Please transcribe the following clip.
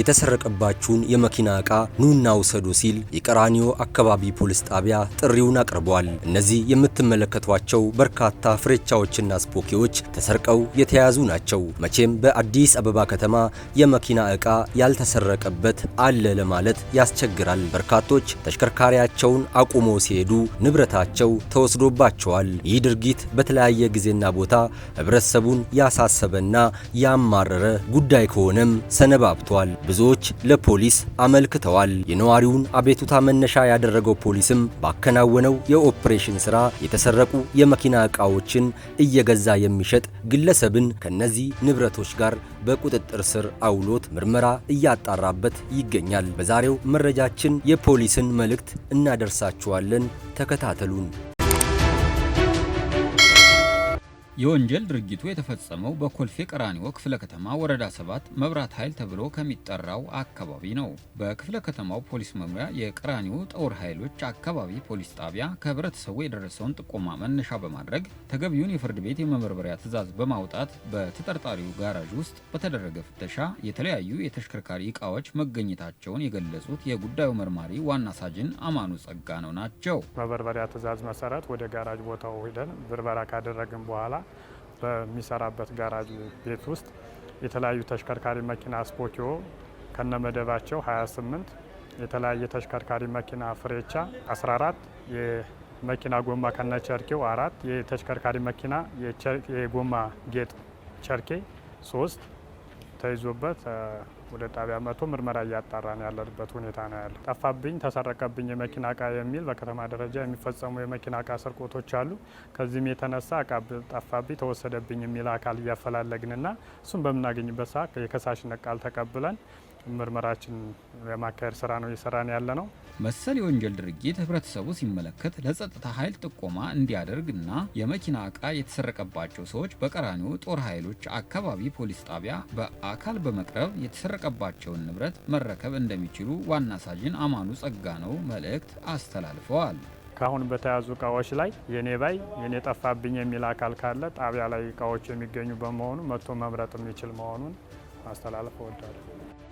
የተሰረቀባችሁን የመኪና ዕቃ ኑና ውሰዱ ሲል የቀራኒዮ አካባቢ ፖሊስ ጣቢያ ጥሪውን አቅርቧል። እነዚህ የምትመለከቷቸው በርካታ ፍሬቻዎችና ስፖኪዎች ተሰርቀው የተያዙ ናቸው። መቼም በአዲስ አበባ ከተማ የመኪና ዕቃ ያልተሰረቀበት አለ ለማለት ያስቸግራል። በርካቶች ተሽከርካሪያቸውን አቁሞ ሲሄዱ ንብረታቸው ተወስዶባቸዋል። ይህ ድርጊት በተለያየ ጊዜና ቦታ ህብረተሰቡን ያሳሰበና ያማረረ ጉዳይ ከሆነም ሰነባብቷል። ብዙዎች ለፖሊስ አመልክተዋል። የነዋሪውን አቤቱታ መነሻ ያደረገው ፖሊስም ባከናወነው የኦፕሬሽን ስራ የተሰረቁ የመኪና ዕቃዎችን እየገዛ የሚሸጥ ግለሰብን ከነዚህ ንብረቶች ጋር በቁጥጥር ስር አውሎት ምርመራ እያጣራበት ይገኛል። በዛሬው መረጃችን የፖሊስን መልእክት እናደርሳችኋለን። ተከታተሉን። የወንጀል ድርጊቱ የተፈጸመው በኮልፌ ቀራኒዮ ክፍለ ከተማ ወረዳ 7 መብራት ኃይል ተብሎ ከሚጠራው አካባቢ ነው። በክፍለ ከተማው ፖሊስ መምሪያ የቀራኒዮ ጦር ኃይሎች አካባቢ ፖሊስ ጣቢያ ከህብረተሰቡ የደረሰውን ጥቆማ መነሻ በማድረግ ተገቢውን የፍርድ ቤት የመመርመሪያ ትዕዛዝ በማውጣት በተጠርጣሪው ጋራዥ ውስጥ በተደረገ ፍተሻ የተለያዩ የተሽከርካሪ እቃዎች መገኘታቸውን የገለጹት የጉዳዩ መርማሪ ዋና ሳጅን አማኑ ጸጋ ነው ናቸው። መበርበሪያ ትዕዛዝ መሰረት ወደ ጋራጅ ቦታው ሂደን ብርበራ ካደረግን በኋላ በሚሰራበት ጋራጅ ቤት ውስጥ የተለያዩ ተሽከርካሪ መኪና ስፖኪዮ ከነመደባቸው 28 የተለያየ ተሽከርካሪ መኪና ፍሬቻ 14 የመኪና ጎማ ከነ ቸርኬው አራት የተሽከርካሪ መኪና የጎማ ጌጥ ቸርኬ ሶስት ተይዞበት ወደ ጣቢያ መቶ ምርመራ እያጣራን ያለንበት ሁኔታ ነው ያለው። ጠፋብኝ፣ ተሰረቀብኝ የመኪና እቃ የሚል በከተማ ደረጃ የሚፈጸሙ የመኪና እቃ ስርቆቶች አሉ። ከዚህም የተነሳ እቃ ጠፋብኝ፣ ተወሰደብኝ የሚል አካል እያፈላለግንና እሱም በምናገኝበት ሰዓት የከሳሽነት ቃል ተቀብለን ምርመራችን የማካሄድ ስራ ነው እየሰራን ያለ ነው። መሰል የወንጀል ድርጊት ህብረተሰቡ ሲመለከት ለጸጥታ ኃይል ጥቆማ እንዲያደርግ እና የመኪና እቃ የተሰረቀባቸው ሰዎች በቀራኒው ጦር ኃይሎች አካባቢ ፖሊስ ጣቢያ በአካል በመቅረብ የተሰረ የወደቀባቸውን ንብረት መረከብ እንደሚችሉ ዋና ሳጅን አማኑ ጸጋነው መልእክት አስተላልፈዋል። ካሁን በተያዙ እቃዎች ላይ የኔ ባይ የኔ ጠፋብኝ የሚል አካል ካለ ጣቢያ ላይ እቃዎች የሚገኙ በመሆኑ መጥቶ መምረጥ የሚችል መሆኑን ማስተላለፍ እወዳለሁ።